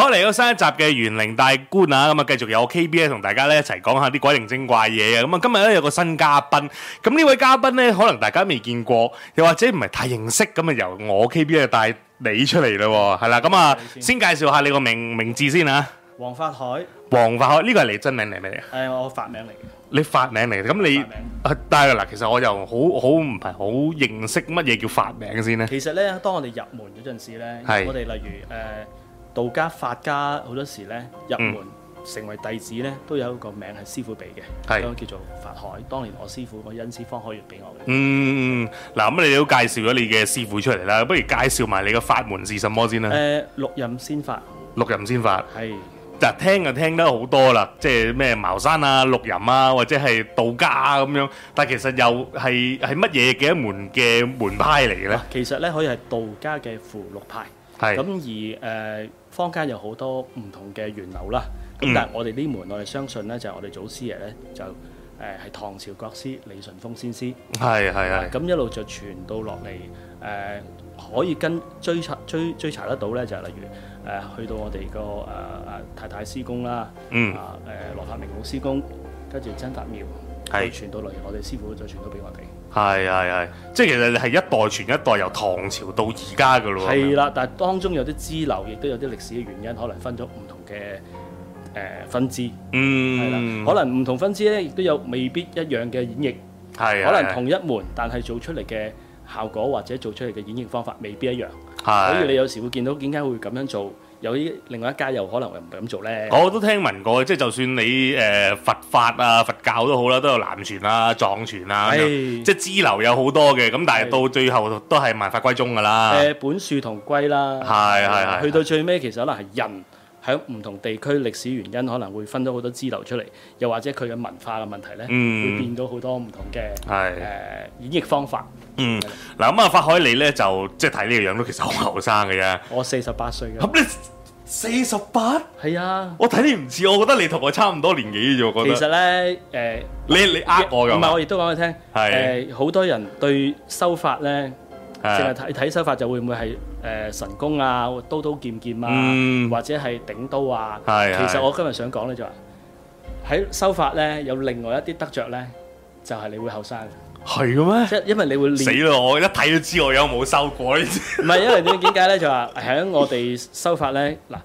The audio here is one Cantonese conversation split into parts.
好嚟，到新一集嘅玄靈大觀啊！咁啊，繼續有我 K B 咧，同大家咧一齊講下啲鬼靈精怪嘢啊！咁啊，今日咧有個新嘉賓，咁呢位嘉賓咧，可能大家未見過，又或者唔係太認識，咁啊，由我 K B 啊帶你出嚟啦。係啦，咁啊，先介紹下你個名名字先啊！王法鎧，王法鎧，呢個係你真名嚟未啊？係我法名嚟嘅。你法名嚟，咁你，但係嗱，其實我又好好唔係好認識乜嘢叫法名先咧。其實咧，當我哋入門嗰陣時咧，我哋例如誒。道家、法家好多時咧入門成為弟子咧，都有個名係師父俾嘅，叫做法鎧。當年我師父個恩師方海月俾我嘅。嗯，嗱咁你都介紹咗你嘅師父出嚟啦，不如介紹埋你嘅法門是什麼先啦。誒，六壬仙法。六壬仙法。係。就聽就聽得好多啦，即係咩茅山啊、六壬啊，或者係道家啊咁樣。但係其實又係係乜嘢嘅一門嘅門派嚟嘅咧？其實咧可以係道家嘅符籙派。咁是而誒、呃，坊間有好多唔同嘅源流啦。咁、嗯、但係我哋呢門我哋相信咧，就係、是、我哋祖師爺咧，就誒係、呃、唐朝國師李淳風先師。係係係。咁、呃嗯嗯、一路就傳到落嚟，誒、呃、可以跟追查追追，追查得到咧，就係例如誒、呃、去到我哋個誒誒太太師公啦。嗯。啊誒羅發明老師公，跟住真法廟，係是傳到落嚟，我哋師傅再傳到俾我哋。係係係，即係其實你係一代傳一代，由唐朝到而家噶咯喎。係啦，但係當中有啲支流，亦都有啲歷史嘅原因，可能分咗唔同嘅誒、呃、分支。嗯，可能唔同分支咧，亦都有未必一樣嘅演繹。係的，可能同一門，的但係做出嚟嘅效果或者做出嚟嘅演繹方法未必一樣。係的，所以你有時會見到點解會咁樣做？有啲另外一家又可能又唔係咁做咧，我都聽聞過，即係就算你誒佛法啊、佛教都好啦，都有南傳啊、藏傳啊，即係支流有好多嘅。咁但係到最後都係萬法歸宗㗎啦。誒，本樹同歸啦，係係係。去到最尾其實可能係人喺唔同地區歷史原因可能會分咗好多支流出嚟，又或者佢嘅文化嘅問題咧，會變到好多唔同嘅誒演繹方法。嗯，嗱咁啊，法鎧你咧就即係睇呢個樣都其實好後生嘅啫。我四十八歲嘅。四十八？係 48? 是啊，我睇你唔似，我覺得你同我差唔多年紀啫，我覺得。其實咧，誒、呃，你呃你呃我㗎？唔係，我亦都講畀你聽。係誒是、啊呃，好多人對修法咧，淨係睇睇修法就會唔會係誒、呃、神功啊、刀刀劍劍啊，嗯、或者係頂刀啊。係，是啊、其實我今日想講咧就話，喺修法咧有另外一啲得着咧，就係、是、你會後生。係嘅咩？即係因為你會死咯！我一睇都知，我有冇收過 為為呢？唔係因為點解咧？就話、是、喺我哋修法咧嗱，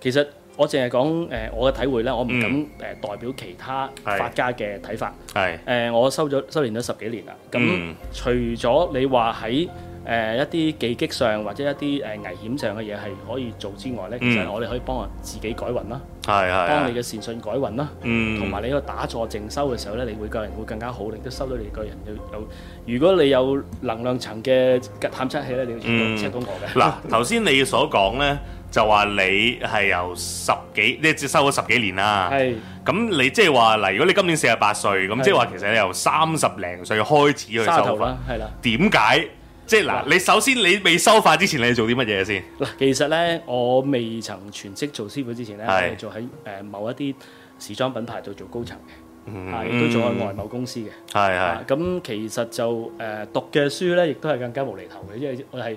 其實我淨係講誒，我嘅體會咧，我唔敢誒代表其他法家嘅睇法。係誒、嗯呃，我修咗修練咗十幾年啦。咁除咗你話喺。誒一啲技擊上或者一啲誒危險上嘅嘢係可以做之外咧，其實我哋可以幫人自己改運啦，係係幫你嘅善信改運啦，同埋你去打坐淨修嘅時候咧，你會，個人會更加好，亦都收到你個人要有。如果你有能量層嘅探測器咧，你都唔知我講嘅。嗱頭先你所講咧，就話你係由十幾，你只收咗十幾年啦，係咁你即係話嚟。如果你今年四十八歲，咁即係話其實你由三十零歲開始去收，沙頭啦，係啦，點解？即係嗱，你首先你未收法之前，你要做啲乜嘢先？嗱，其實咧，我未曾全職做師傅之前咧，我係是做喺誒某一啲時裝品牌度做高層嘅，啊、呃，亦都做喺外貿公司嘅。係係。咁其實就誒讀嘅書咧，亦都係更加無厘頭嘅，因為我係。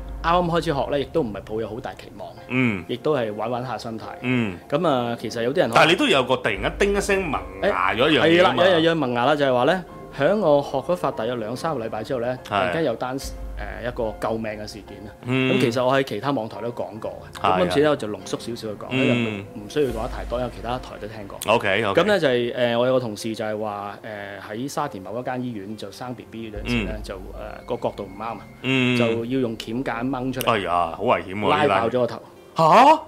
啱啱開始學咧，亦都唔係抱有好大期望，嗯，亦都係玩玩下心態，嗯，咁啊，其實有啲人，但係你都有個突然間叮一聲萌芽咗一樣，係啦，哎，有一樣萌芽啦，就係話咧。喺我學咗法大約兩三個禮拜之後咧，突然間有單誒一個救命嘅事件啦。咁其實我喺其他網台都講過嘅，今次咧我就濃縮少少去講，唔需要講太多，因為其他台都聽過。O K O K。咁咧就係誒我有個同事就係話誒喺沙田某一間醫院就生 B B 嗰陣時咧就誒個角度唔啱啊，就要用鉗夾掹出嚟。哎呀，好危險！拉爆咗個頭嚇！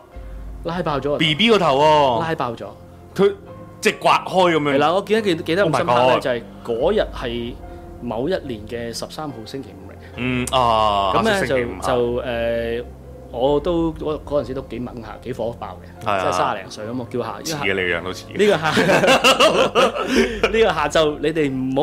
拉爆咗 B B 個頭喎！拉爆咗佢。即係刮開咁樣。係啦，我記得記記得好深刻咧，就係嗰日係某一年嘅十三號星期五嚟。嗯啊。咁咧就就誒，我都嗰嗰陣時都幾猛下，幾火爆嘅。係啊。即係卅零歲咁啊，叫下。似嘅你樣都似。呢個下呢個下晝你哋唔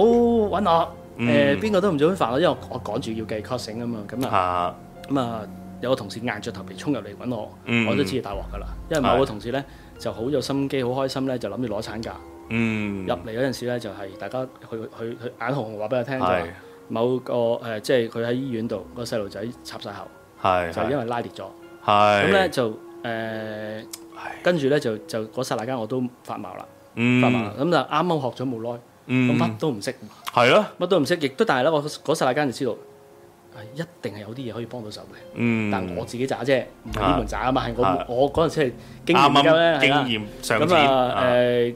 好揾我。誒，邊個都唔準煩我，因為我趕住要計 closing 啊嘛。咁啊。係。咁啊，有個同事硬著頭皮衝入嚟揾我，我都知係大鑊噶啦，因為某個同事咧。就好有心機，好開心咧，就諗住攞產假。嗯，入嚟嗰陣時咧，就係、係、大家去去去眼紅紅，話俾我聽就話，某個誒即係佢喺醫院度、個細路仔插晒喉，就因為拉裂咗。係咁咧就誒，呃、係跟住咧就就嗰剎那間我都發毛啦，嗯、發毛。咁就啱啱學咗冇耐，咁乜都唔識。係咯，乜都唔識，亦都。但係咧，我嗰剎那間就知道。一定係有啲嘢可以幫到手嘅，但我自己渣啫，唔係呢門渣啊嘛。我我嗰陣時係經驗上，係啦，咁啊誒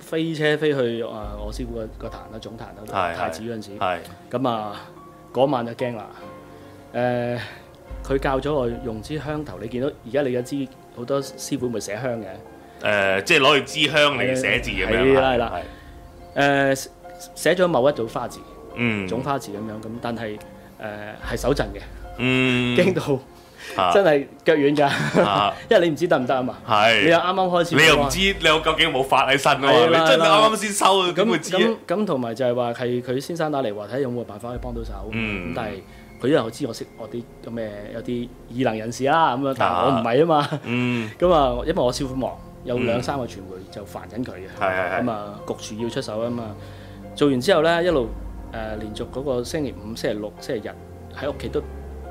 飛車飛去啊我師傅個個壇啦，總壇啦，太子嗰陣時，咁啊嗰晚就驚啦。誒，佢教咗我用支香頭，你見到而家你有支好多師傅會寫香嘅，誒，即係攞去支香嚟寫字咁樣嘛，係啦，誒寫咗某一種花字，嗯，種花字咁樣咁，但係。誒係手震嘅，嗯，驚到真係腳軟㗎，因為你唔知得唔得啊嘛，係你又啱啱開始，你又唔知你究竟有冇發起身㗎，你真係啱啱先收，咁佢知咁，同埋就係話係佢先生打嚟話睇下有冇辦法可以幫到手，咁但係佢因為我知我識我啲咁嘅有啲異能人士啦，咁樣，但係我唔係啊嘛，咁啊，因為我少少忙，有兩三個傳媒就煩緊佢嘅，咁啊焗住要出手啊嘛，做完之後咧一路。誒、呃、連續嗰個星期五、星期六、星期日喺屋企都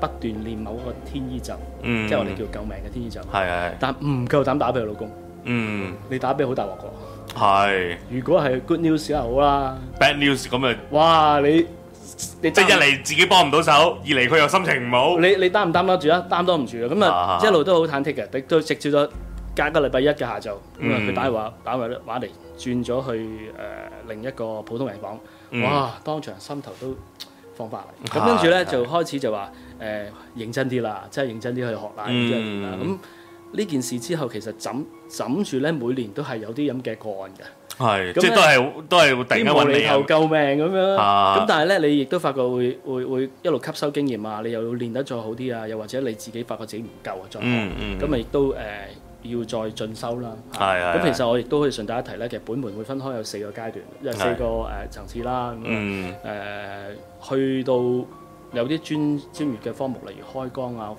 不斷練某一個天衣咒，嗯、即係我哋叫救命嘅天衣咒。係係。但唔夠膽打俾佢老公。嗯，你打俾好大鑊㗎。係。是是 如果係 good news 又好啦。bad news 咁咪，哇！你你即係你一嚟自己幫唔到手， 二嚟佢又心情唔好。你你，你擔唔擔得住啊？擔當唔住啊，咁啊一路都好忐忑嘅，都直接咗。隔個禮拜一嘅下晝，咁啊佢打電話打埋咧，嚟轉咗去誒另一個普通人房，哇！當場心頭都放法嚟，咁跟住咧就開始就話誒認真啲啦，即係認真啲去學啦，咁呢件事之後，其實枕枕住咧，每年都係有啲咁嘅個案嘅。係，即係都係都係會突然間冇理由救命咁樣，咁但係咧，你亦都發覺會會會一路吸收經驗啊，你又要練得再好啲啊，又或者你自己發覺自己唔夠啊，再咁咪亦都誒。要再進修啦。咁、啊、是其實我亦都可以順帶一提咧，其實本門會分開有四個階段，有是是 四個誒層、呃、次啦。誒、嗯呃、去到有啲專專業嘅科目，例如開光啊、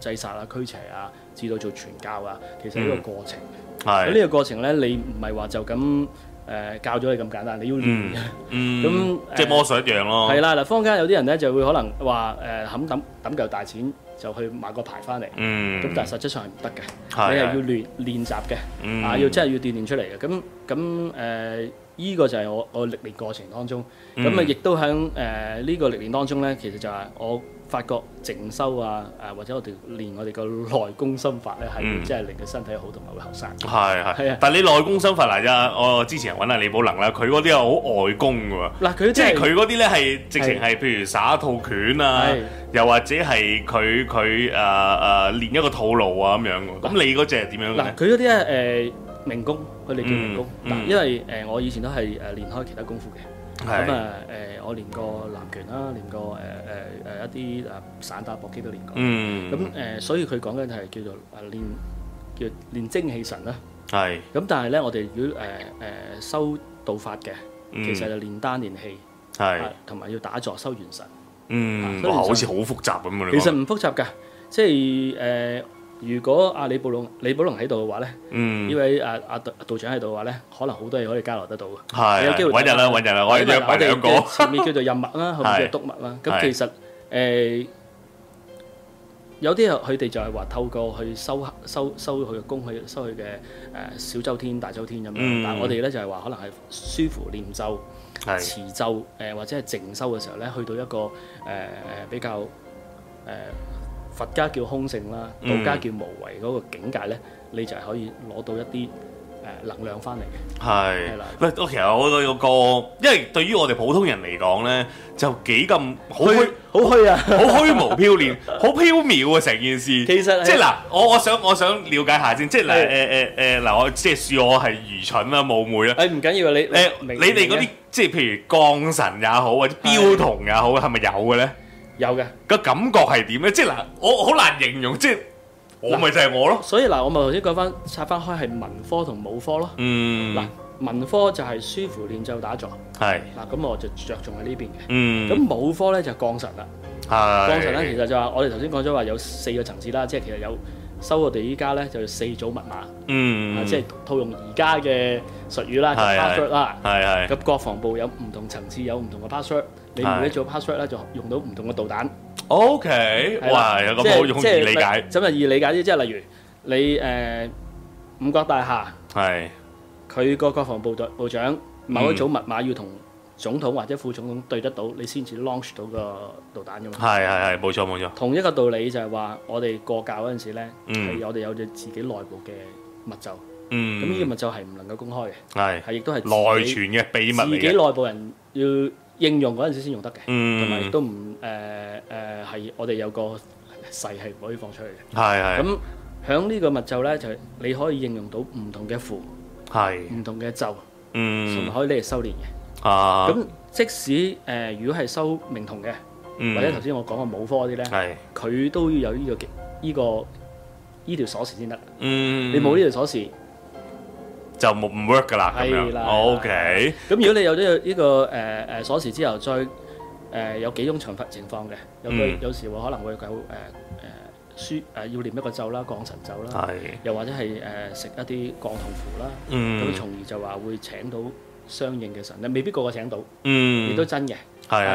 誒誒誒誒制煞啊、驅、呃呃、邪啊，至到做傳教啊，其實呢個過程。係呢、嗯、個過程咧，是是你唔係話就咁。誒、呃、教咗你咁簡單，你要練嘅，咁即係魔術一樣咯。係啦、嗯，嗱，坊間有啲人咧就會可能話誒，肯掟掟夠大錢就去買個牌翻嚟，咁、嗯、但係實質上係唔得嘅，的你係要練練習嘅，嗯、啊，要真係要鍛鍊出嚟嘅。咁咁誒，依、呃這個就係我我歷練過程當中，咁啊，亦都喺誒呢個歷練當中咧，其實就係我。嗯發覺靜修啊，誒或者我哋練我哋個內功心法咧，係真係令佢身體好同埋會後生。係係、嗯，但係你內功心法嚟啫，我之前揾下李寶能啦，佢嗰啲係好外功嘅喎，即係佢嗰啲咧係直情係，譬如耍一套拳啊，是又或者係佢佢誒誒練一個套路啊咁樣。咁啦你嗰隻係點樣？嗱，佢嗰啲咧誒明功，佢哋叫明功，嗯、因為誒我、呃呃、以前都係誒、呃呃、練開其他功夫嘅。咁啊，誒是，我練過南拳啦，練過誒誒誒一啲啊散打搏擊都練過。嗯。咁誒、嗯，所以佢講緊係叫做誒練叫練精氣神啦。係是。咁但係咧，我哋如果誒誒修道法嘅，其實就練丹練氣。係是。同埋要打坐修元神。嗯。哇，好似好複雜咁、啊、嘅。其實唔複雜嘅，即係誒。呃如果阿李寶龍李寶龍喺度嘅話咧，呢位誒阿道道長喺度嘅話咧，可能好多嘢可以交流得到嘅。係的，揾人啦，揾是人啦，我哋我哋嘅前面叫做任脈啦、啊，後面叫做督脈啦。咁的其實誒的、呃、有啲人佢哋就係話透過去修修修佢嘅功，去修佢嘅誒小周天、大周天咁樣。嗯、但係我哋咧就係話可能係書符念咒、持咒誒或者係靜修嘅時候咧，去到一個誒誒、呃、比較誒。呃佛家叫空性啦，道家叫無為嗰個境界咧，你就係可以攞到一啲誒能量翻嚟嘅。係係啦，喂，我其實我對嗰個，因為對於我哋普通人嚟講咧，就幾咁好虛好虛啊，好虛無縹緲，好飄渺啊，成件事。其實即係嗱，我我想我想了解下先，即係嗱誒誒誒嗱，我即係恕我係愚蠢啦、冒昧啦。誒唔緊要啊，你誒你哋嗰啲即係譬如降神也好或者標童也好，係咪有嘅咧？有嘅個感覺係點咧？即係嗱，我好難形容，即係嗱我咪就係我咯。所以嗱，我咪頭先講翻拆翻開係文科同武科咯。嗯。嗱，文科就係書符練習打坐。係是。嗱，咁我就着重喺呢邊嘅。嗯。咁武科咧就降神啦。係。是 降神咧，其實就話、是、我哋頭先講咗話有四個層次啦，即係其實有收我哋依家咧就有四組密碼。嗯。即係套用而家嘅術語啦。係 password 啦。係係的。咁國防部有唔同層次，有唔同嘅 password。你每一組 password 咧，就用到唔同嘅導彈。O K，哇，有咁好容易理解。咁啊，易理解啲，即係例如你誒五角大廈，係佢個國防部隊部長某一組密碼要同總統或者副總統對得到，你先至 launch 到個導彈嘅嘛。係係係，冇錯冇錯。同一個道理就係話，我哋過教嗰陣時咧，我哋有隻自己內部嘅密咒，咁呢個密咒係唔能夠公開嘅，係亦都係內存嘅秘密嚟嘅，自己內部人要。應用嗰陣時先用得嘅，同埋都唔誒誒係我哋有個勢係唔可以放出去嘅。係係。咁喺呢個密咒咧，就係、你可以應用到唔同嘅符，係唔是 同嘅咒，嗯，同埋可以嚟修練嘅。啊。咁即使誒、呃，如果係修明堂嘅，嗯、或者頭先我講嘅武科啲咧，係佢是 都要有呢、呢個技呢、呢個呢條鎖匙先得。嗯。你冇呢條鎖匙。就冇唔 work 噶啦，係啦 OK。咁如果你有咗呢個誒誒鎖匙之後，再誒有幾種懲罰情況嘅，有時有時會可能會有誒誒説誒要唸一個咒啦，降神咒啦，又或者係誒食一啲降童符啦，咁從而就話會請到相應嘅神，你未必個個請到，亦都真嘅，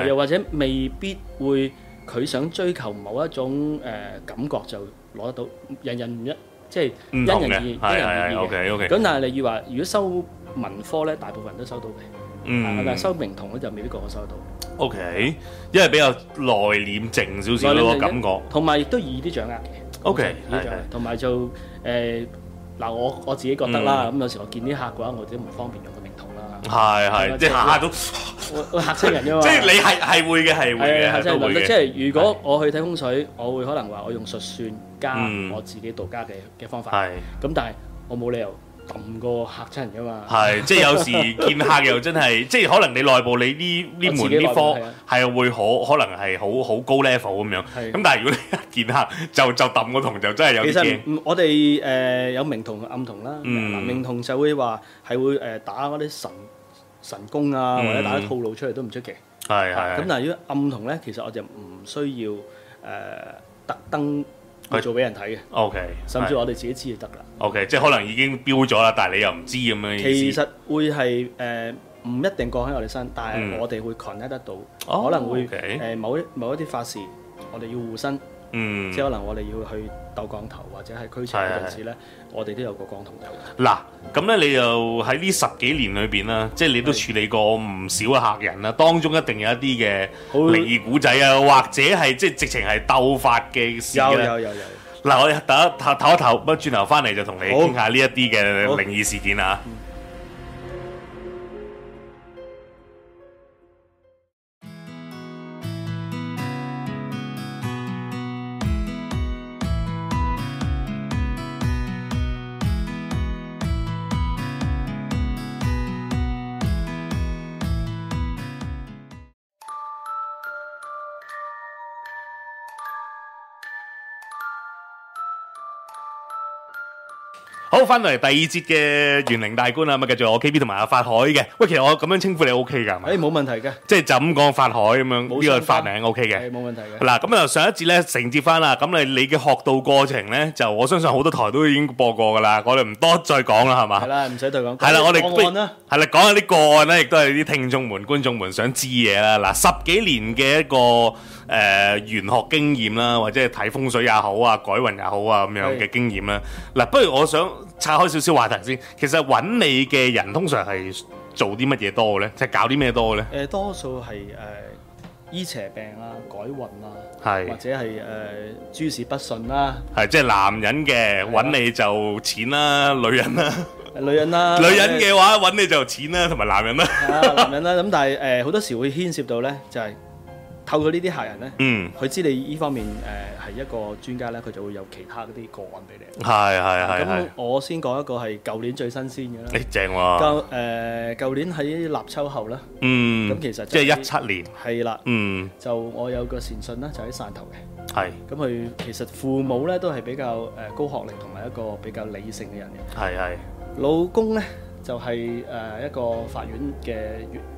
又或者未必會佢想追求某一種誒感覺就攞得到，人人唔一。即係因人而異，因人而異，係係，OK OK。咁但係例如話，如果收文科咧，大部分人都收到嘅。嗯，但係收銘銅咧就未必個個收到。OK，因為比較內斂靜少少嘅感覺，同埋亦都易啲掌握嘅。OK，係。同埋就誒，嗱我我自己覺得啦。咁有時我見啲客嘅話，我都唔方便用。係係，的即係下下都嚇親人啫嘛！即係你係係會嘅，係會嘅，係都會嘅。的即係是如果我去睇風水，的我會可能話我用術算加我自己道家嘅嘅方法。係咁，嗯，但係我冇理由。揼個嚇親人噶嘛，係即係有時見客又真係， 即係可能你內部你呢呢門呢科係會可是的 可能係好好高 level 咁樣，咁是的 但係如果你一 見客就就揼個童就真係有啲。其實我哋誒、呃、有明童暗童啦，嗯、明童就會話係會誒打嗰啲神神功啊，或者打啲套路出嚟都唔出奇，係係。咁但係如果暗童咧，其實我就唔需要誒、呃、特登。去做俾人睇嘅，OK，甚至我哋自己知就得啦。OK，嗯、即係可能已經標咗啦，嗯、但係你又唔知咁樣意思，其實會係誒唔一定過喺我哋身，但係我哋會 connect 得到，嗯、可能會誒 okay.、呃、某，某一某一啲法事，我哋要護身，嗯，即係可能我哋要去鬥降頭或者係驅邪。嗰陣時咧。我哋都有個光頭友。嗱，咁咧你又喺呢十幾年裏邊啦，即係你都處理過唔少嘅客人啦，當中一定有一啲嘅靈異古仔啊，好或者係即係直情係鬥法嘅事咧。有有有。嗱，我哋又打唞一唞，咁轉頭翻嚟就同你傾好下呢一啲嘅靈異事件啊。好嗯翻嚟第二節嘅玄靈大觀啊，咪繼續我 K B 同埋阿法鎧嘅。喂，其實我咁樣稱呼你 O K 噶誒、欸，冇問題嘅。即係就咁講法鎧咁樣呢個法名 O K 嘅？係、OK、冇、欸、問題嘅。嗱，咁啊上一節咧承接翻啦，咁你你嘅學道過程咧，就我相信好多台都已經播過噶啦，我哋唔多再講啦，係嘛？係啦，唔使再講。係啦，我哋係啦，講下啲個案咧，亦都係啲聽眾們、觀眾們想知嘢啦。嗱，十幾年嘅一個誒玄、呃、學、學經驗啦，或者係睇風水也好啊，改運也好啊，咁樣嘅經驗啦。嗱的，不如我想。拆開少少話題先，其實揾你嘅人通常係做啲乜嘢多嘅咧？即係搞啲咩多嘅咧？誒多數係誒醫邪病啊、改運啊，或者係誒諸事不順啦。係即係男人嘅揾你就錢啦，女人啦，女人啦，女人嘅話揾你就錢啦，同埋男人啦，男人啦。咁但係誒好多時會牽涉到咧，就係。透過呢啲客人呢，佢知你呢方面誒係、呃、一個專家呢，佢就會有其他嗰啲個案俾你。係係啊，咁、呃、我先講一個係舊年最新鮮嘅啦。誒、欸、正喎、喔，舊、呃、年喺立秋後啦。嗯，咁其實即係一七年。係啦的。嗯，就我有個善信啦，就喺汕頭嘅。係是。咁佢、啊、其實父母呢，都係比較誒高學歷同埋一個比較理性嘅人嘅。係係。老公呢？就係誒一個法院嘅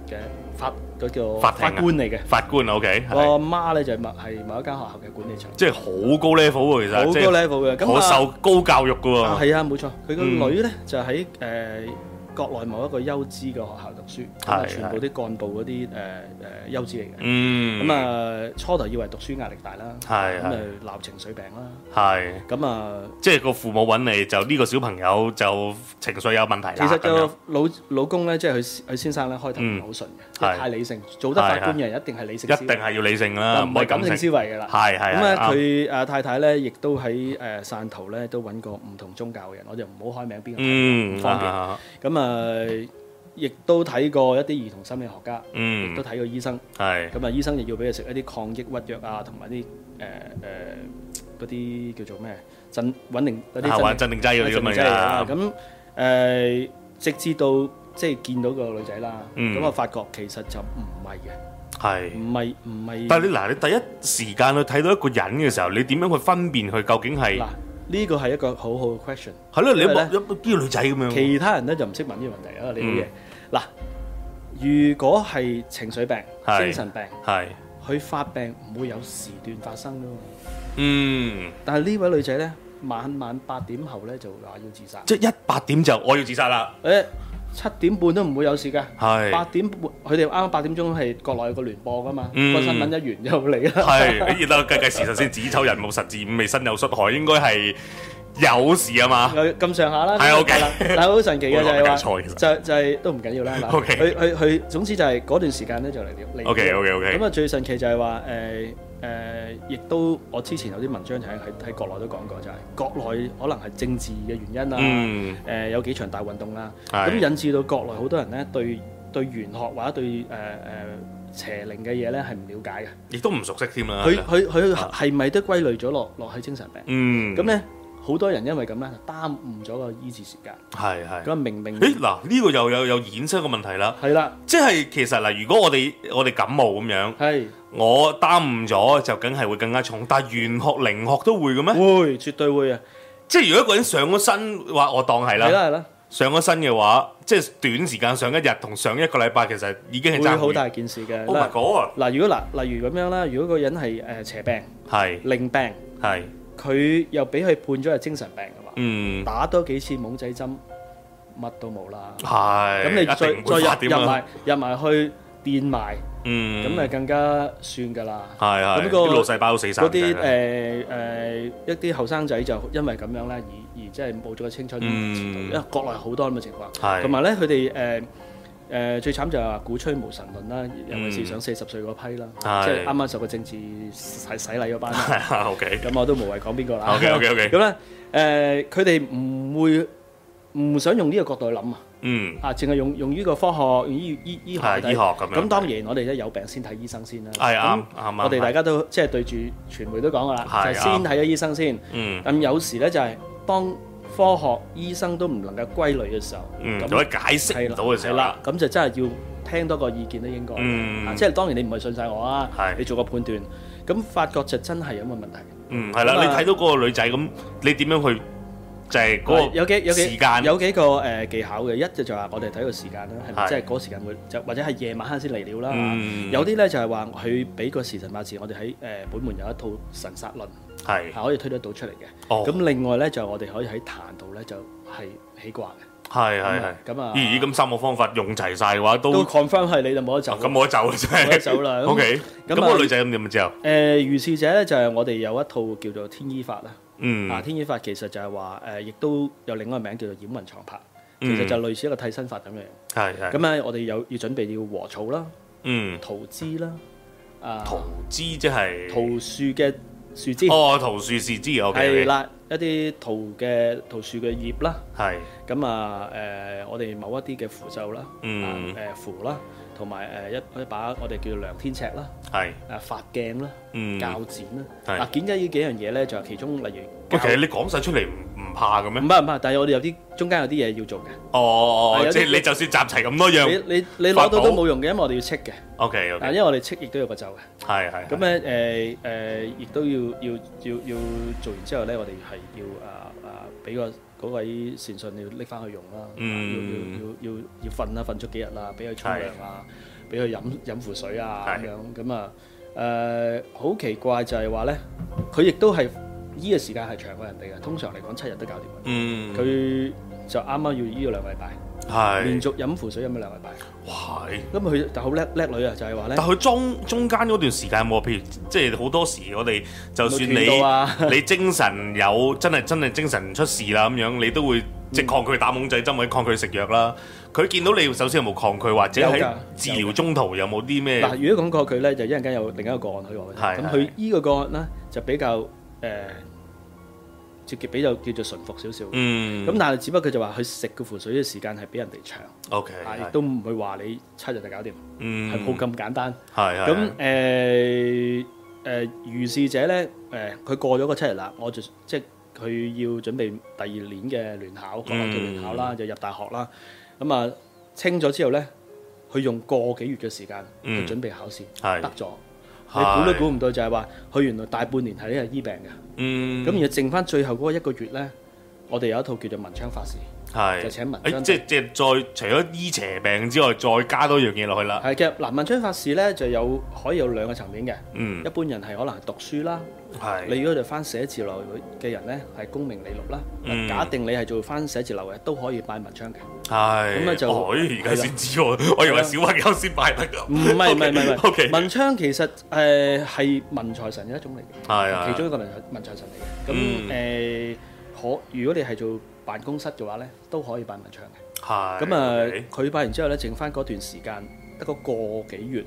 嘅法，佢叫做法官嚟嘅法官，法官，OK。我阿媽咧就係某某一間學校嘅管理層，即係好高 level 喎，其實好高 level 嘅，咁好受高教育喎。係啊，冇錯，佢個女咧就喺、是、誒。嗯呃國內某一個優質嘅學校讀書，全部啲幹部嗰啲誒誒優質嚟嘅，咁啊初頭以為讀書壓力大啦，咁啊鬧情緒病啦，咁啊即係個父母揾你，就呢個小朋友就情緒有問題啦。其實個老老公咧，即係佢佢先生咧，開頭唔好順嘅，太理性，做得法官嘅人一定係理性，一定係要理性啦，唔係感性思維㗎啦。係係咁咧，佢阿太太咧亦都喺誒汕頭咧都揾過唔同宗教嘅人，我就唔好開名邊個方便，咁啊。誒，亦、嗯、都睇過一啲兒童心理學家，嗯，都睇過醫生，係咁啊，醫生亦要俾佢食一啲抗抑鬱藥啊，同埋啲誒誒啲叫做咩鎮穩定嗰啲鎮鎮定劑要咁樣咁，誒，直至到即係、就是、見到個女仔啦，咁、嗯、我發覺其實就唔係嘅，係唔係唔係。但係你嗱，你第一時間去睇到一個人嘅時候，你點樣去分辨佢究竟係？呢個係一個好好嘅 question，係咯，你有冇？啲女仔咁樣，其他人咧就唔識問呢個問題啊！呢啲嘢嗱，如果係情緒病、精神病，係佢發病唔會有時段發生噶嘛？嗯，但係呢位女仔咧，晚晚八點後咧就話要自殺，即係一八點就我要自殺啦！誒。七點半都唔會有事㗎，係，八點半佢哋啱啱八點鐘係國內個聯播㗎嘛，嗯、個新聞一完又嚟啦，要等計計時陣先子丑人冇實字，未身有損海，應該係。有事啊嘛！佢咁上下啦，係啊，OK，但係好神奇嘅就係話，就就係都唔緊要啦。嗱，OK，佢佢佢總之就係嗰段時間咧就嚟調。OK OK OK。咁啊最神奇就係話誒誒，亦都我之前有啲文章就喺喺國內都講過，就係國內可能係政治嘅原因啦，誒有幾場大運動啦，咁引致到國內好多人咧對對玄學或者對誒誒邪靈嘅嘢咧係唔瞭解嘅，亦都唔熟悉添啦。佢佢佢係咪都歸類咗落落去精神病？嗯，咁咧。好多人因為咁咧，就耽誤咗個醫治時間。係係。咁明明，誒嗱，呢個又有有衍生個問題啦。係啦。即係其實嗱，如果我哋我哋感冒咁樣，係，我耽誤咗就梗係會更加重。但係玄學靈學都會嘅咩？會，絕對會啊！即係如果一個人上咗身，話我當係啦。係啦係啦。上咗身嘅話，即係短時間上一日同上一個禮拜，其實已經係爭好大件事嘅。嗱嗰嗱，如果嗱，例如咁樣啦，如果個人係誒邪病，係，靈病，係。佢又俾佢判咗係精神病㗎嘛，嗯、打多幾次懵仔針，乜都冇啦。係是，咁你再再入入埋入埋去變賣，咁咪、嗯、更加算噶啦。係係，啲、嗰個、老細包死晒。嗰啲誒誒，一啲後生仔就因為咁樣咧，而而即係冇咗個青春。嗯、因為國內好多咁嘅情況。係，同埋咧，佢哋誒。呃呃呃誒最慘就係話鼓吹無神論啦，尤其是想四十歲嗰批啦，即係啱啱受過政治洗洗禮嗰班。O K，咁我都無謂講邊個啦。O K O K。O K 咁咧誒，佢哋唔會唔想用呢個角度去諗啊。嗯。啊，淨係用用呢個科學，用醫醫醫學、醫學咁樣。咁當然我哋咧有病先睇醫生先啦。係啊！我哋大家都即係對住傳媒都講噶啦，就係先睇咗醫生先。咁有時咧就係當科學醫生都唔能夠歸類嘅時候，咁有得解釋到嘅時啦！咁就真係要聽多個意見啦，應該。嗯，即係當然你唔係信晒我啊，你做個判斷。咁發覺就真係有個問題。嗯，係啦。你睇到嗰個女仔咁，你點樣去？就係嗰個有幾有幾時間有幾個誒技巧嘅？一就就話我哋睇個時間啦，即係嗰個時間會就或者係夜晚黑先嚟了啦。有啲咧就係話佢俾個時辰八字，我哋喺誒本門有一套神殺論。係，可以推得到出嚟嘅。哦，咁另外咧就我哋可以喺壇度咧就係起卦嘅。係係係。咁啊，咦咦，咁三個方法用齊晒嘅話都都 confirm 係，你就冇得走。咁冇得走啦，真係冇得走啦。O K。咁個女仔咁點啊之後？誒如是者咧就係我哋有一套叫做天衣法啦。啊天衣法其實就係話誒，亦都有另外一個名叫做掩雲藏拍，其實就類似一個替身法咁樣。係係。咁啊，我哋有要準備要禾草啦，嗯，桃枝啦，啊，桃枝即係桃樹嘅。樹枝，哦，桃樹樹枝，OK，係啦，一啲桃嘅桃樹嘅葉啦，係，咁啊，誒，我哋某一啲嘅符咒啦，嗯，誒符啦。同埋誒一一把我哋叫做量天尺啦，係誒發鏡啦、鉸剪啦，啊剪咗呢幾樣嘢咧，就係其中例如。不過其實你講晒出嚟唔怕噉樣？唔怕唔怕，但係我哋有啲中間有啲嘢要做嘅。哦，即係你就算集齊咁多樣，你你你攞到都冇用嘅，因為我哋要測嘅。O K O K。啊，因為我哋測亦都有個咒嘅。係係。咁咧誒誒，亦都要要要要做完之後咧，我哋係要啊啊俾個。嗰位善信你要拎翻去用啦、嗯，要要要要要瞓啦，瞓足幾日啦，俾佢沖涼啊，俾佢是飲飲符水啊咁，咁啊誒好奇怪就係話咧，佢亦都係醫嘅時間係長過人哋嘅，通常嚟講七日都搞掂，佢、嗯、就啱啱要醫咗兩個禮拜。係，是連續飲符水飲咗兩個禮拜，哇係是！咁佢但好叻叻女啊，就係話咧，但佢中中間嗰段時間喎，譬如即係好多時我哋就算你、啊、 你精神有真係真係精神出事啦咁樣，你都會即抗拒打懵仔針或者抗拒食藥啦。佢見到你首先有冇抗拒或者喺治療中途有冇啲咩？嗱，如果講抗拒咧，就一陣間有另一個個案喺度。咁佢依個個案咧就比較誒。呃直接比較叫做純服少少，咁、嗯、但係只不過佢就話佢食個符水嘅時間係比人哋長，okay, 但係都唔會話你七日就搞掂，冇咁、嗯、簡單。係係咁誒誒，如是者咧誒，佢、呃、過咗個七日啦，我就即係佢要準備第二年嘅聯考，高考嘅聯考啦，嗯、就入大學啦。咁啊清咗之後咧，佢用個幾月嘅時間去準備考試，嗯、係係得咗。你估都估唔到，就係話佢原來大半年係喺度醫病嘅，咁然後剩翻最後嗰一個月咧，我哋有一套叫做文昌法事。係就請文昌，誒即係即係再除咗醫邪病之外，再加多樣嘢落去啦。係嘅，其實嗱文昌法事咧就有可以有兩個層面嘅。嗯，一般人係可能讀書啦。係，你如果就返寫字樓嘅人咧，係功名利祿啦。嗯，假定你係做返寫字樓嘅，都可以拜文昌嘅。係。咁啊就，我依而家先知喎，我以為小朋友先拜得㗎。唔係唔係唔係，O K。文昌其實誒係文財神嘅一種嚟嘅，係係其中一個文文財神嚟嘅。咁誒可如果你係做辦公室嘅話咧，都可以辦文昌嘅。係咁啊，佢那 okay. 辦完之後咧，剩翻嗰段時間得個個幾月，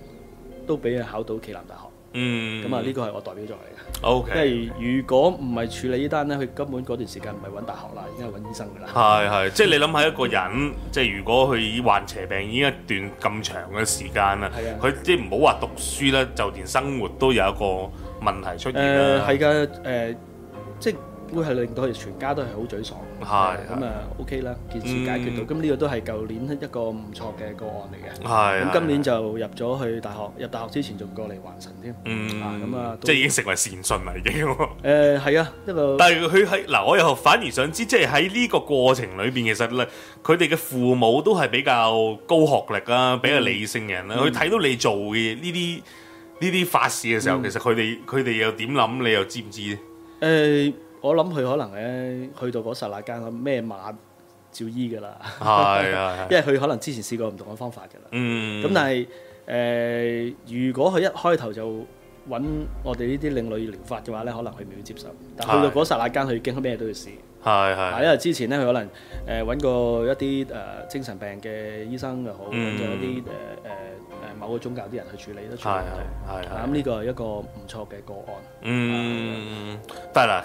都俾佢考到暨南大學。嗯，咁啊，呢、這個係我代表作嚟嘅。O K，即係如果唔係處理呢單咧，佢根本嗰段時間唔係揾大學啦，應該係揾醫生㗎啦。係係，即係、就是、你諗下一個人，即係、嗯、如果佢患邪病已經一段咁長嘅時間啦，係啊、嗯，佢即係唔好話讀書啦，就連生活都有一個問題出現啦。係㗎、呃，誒、呃呃，即係。呃即會係令到佢哋全家都係好沮喪嘅，咁啊是、嗯、OK 啦，件事解決到，咁呢、嗯、個都係舊年一個唔錯嘅個案嚟嘅。咁今年就入咗去大學，入大學之前仲過嚟還神添，咁、嗯、啊，即係已經成為善信嚟嘅。誒係啊，一、嗯、個。嗯、但係佢喺，嗱，我又反而想知，即係喺呢個過程裏邊，其實咧，佢哋嘅父母都係比較高學歷啦，比較理性嘅人啦，佢睇、嗯、到你做嘅呢啲呢啲法事嘅時候，嗯、其實佢哋佢哋又點諗？你又知唔知咧？誒、呃。我諗佢可能咧，去到嗰剎那間咩馬照醫㗎啦，係係，因為佢可能之前試過唔同嘅方法㗎啦。嗯。咁但係誒，如果佢一開頭就揾我哋呢啲另類療法嘅話咧，可能佢唔會接受。但去到嗰剎那間，佢驚咩都要試。係係。因為之前咧，佢可能誒揾過一啲誒精神病嘅醫生又好，或者一啲誒誒誒某個宗教啲人去處理得。係係係。咁呢個係一個唔錯嘅個案。嗯，得啦。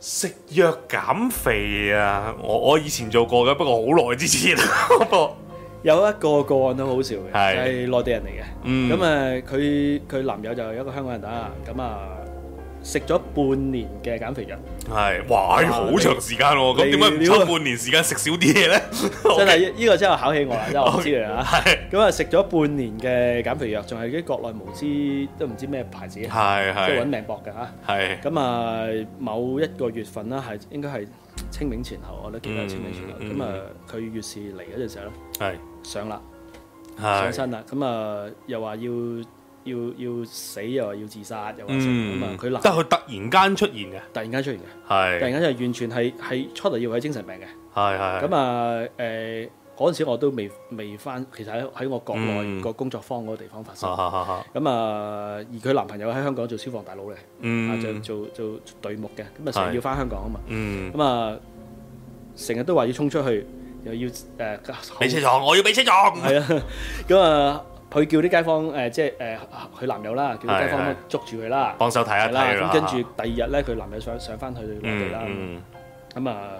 食藥減肥啊！我我以前做過嘅，不過好耐之前 有一個個案都好笑嘅，係是內地人嚟嘅。咁誒、嗯，佢佢男友就係一個香港人啊。咁啊、嗯。食咗半年嘅減肥藥，係，哇，係好長時間喎，咁點解唔抽半年時間食少啲嘢咧？真係呢個真係考起我啦，真係我知啦，係，咁啊食咗半年嘅減肥藥，仲係啲國內無知都唔知咩牌子，係係，即係搵命搏嘅吓，係，咁啊某一個月份啦，係應該係清明前後，我咧記得係清明前後，咁啊佢月事嚟嗰陣時咧，係上啦，上身啦，咁啊又話要。要要死，又話要自殺，又話成咁啊！佢但佢突然間出現嘅，突然間出現嘅，係突然間就完全係係出嚟要係精神病嘅，係係。咁啊誒嗰陣時我都未未翻，其實喺喺我國內個工作坊嗰地方發生，咁啊，而佢男朋友喺香港做消防大佬嚟，就做做做隊目嘅，咁啊成日要翻香港啊嘛，咁啊成日都話要衝出去，又要誒俾車撞，我要俾車撞，係啊，咁啊。佢叫啲街坊誒、呃，即係誒佢男友啦，叫啲街坊捉住佢啦，是是幫手睇下啦。咁跟住第二日咧，佢男友上上翻去我哋啦。咁、嗯嗯、啊，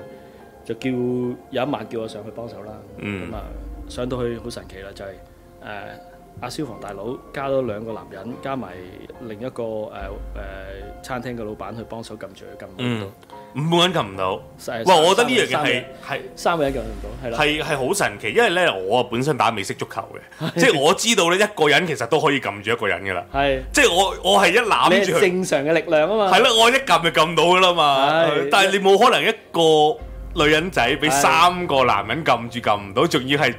就叫有一晚叫我上去幫手啦。咁啊、嗯，嗯、上到去好神奇啦，就係誒阿消防大佬加多兩個男人，加埋另一個誒誒、呃呃、餐廳嘅老闆去幫手撳住佢撳。五個人撳唔到個，哇！我覺得呢樣嘢係係三個，三個，三個，三個人撳唔到，係啦，係係好神奇，因為咧我啊本身打美式足球嘅，是的 即係我知道咧一個人其實都可以撳住一個人嘅啦，係是的，即係我我係一攬住佢正常嘅力量啊嘛，係啦，我一撳就撳到噶啦嘛，是的 但係你冇可能一個女人仔俾三個男人撳住撳唔到，仲要係。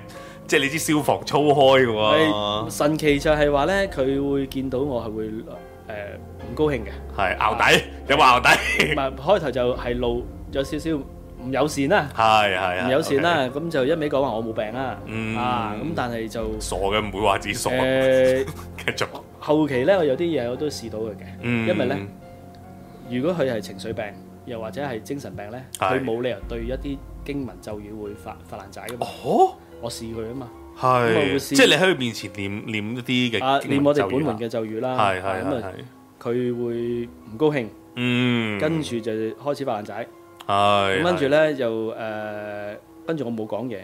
即係你知消防粗開嘅喎，神奇就係話咧，佢會見到我係會誒唔高興嘅。係拗底，有冇拗底？唔係開頭就係路，有少少唔友善啦。係係啊，唔友善啦，咁就一味講話我冇病啦。嗯啊，咁但係就傻嘅，唔會話自己傻嘅。繼續講。後期咧，我有啲嘢我都試到佢嘅，因為咧，如果佢係情緒病，又或者係精神病咧，佢冇理由對一啲經文咒語會發發爛仔嘅嘛。哦。我試佢啊嘛，咁係即係你喺佢面前念念一啲嘅啊，念我哋本門嘅咒語啦，係係係，佢會唔高興，嗯，跟住就開始發爛仔，係，跟住咧就誒，跟住我冇講嘢。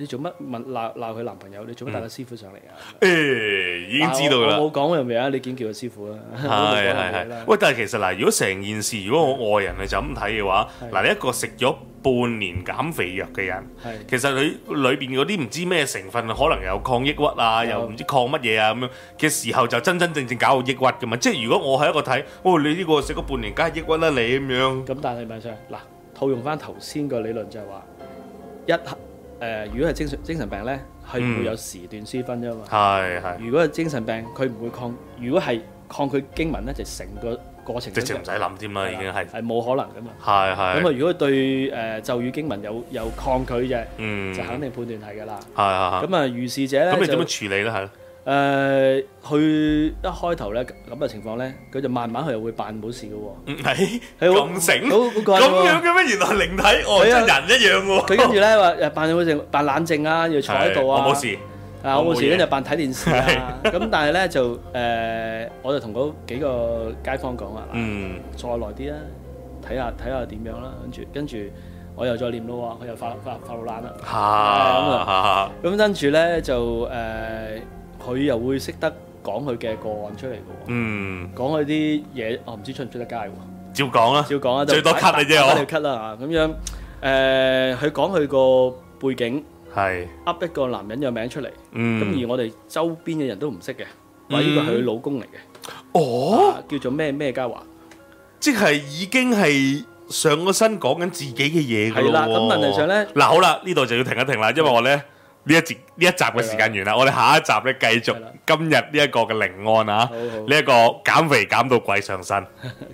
你做乜問鬧鬧佢男朋友？你做乜帶個師傅上嚟啊？誒，已經知道㗎。我冇講入面啊，你點叫佢師傅啊？係係係。喂，但係其實嗱，如果成件事如果我外人嚟就咁睇嘅話，嗱，你一個食咗半年減肥藥嘅人，其實佢裏邊嗰啲唔知咩成分，可能有抗抑鬱啊，又唔知抗乜嘢啊咁樣嘅時候，就真真正正搞到抑鬱㗎嘛。即係如果我係一個睇，哦，你呢個食咗半年，梗係抑鬱啦你咁樣。咁但係咪先嗱？套用翻頭先個理論就係話一。誒、呃，如果係精神精神病咧，係會有時段區分啫嘛。係係、嗯。如果係精神病，佢唔會抗；如果係抗拒經文咧，就成個過程。直情唔使諗添啦，已經係。係冇可能噶嘛。係係。咁啊，如果對誒、呃、咒語經文有有抗拒嘅，嗯、就肯定判斷係㗎啦。係係。咁啊，如是者咧咁你點樣處理咧？係。誒，佢一開頭咧，咁嘅情況咧，佢就慢慢佢又會扮冇事嘅喎。唔係，咁醒，咁樣嘅咩？原來靈體，外真人一樣。佢跟住咧話，誒，扮好靜，扮冷靜啊，要坐喺度啊，冇事。啊，我冇事，跟住扮睇電視。咁但係咧就誒，我就同嗰幾個街坊講啊，嗯，再耐啲啦，睇下睇下點樣啦。跟住跟住我又再念咯，佢又發發發到爛啦。吓，咁咁跟住咧就誒。佢又會識得講佢嘅個案出嚟嘅。嗯，講佢啲嘢，我唔知出唔出得街喎。照講啦，照講啦，最多 cut 你啫，我哋 cut 啦，咁樣，誒，佢講佢個背景係，噏一個男人嘅名出嚟，咁而我哋周邊嘅人都唔識嘅，話呢個係佢老公嚟嘅。哦，叫做咩咩嘉華，即係已經係上個身講緊自己嘅嘢係啦，咁問題上咧，嗱好啦，呢度就要停一停啦，因為我咧。呢一節呢一集嘅時間完啦，的我哋下一集咧繼續的今日呢一個嘅靈案啊，呢一好個減肥減到鬼上身。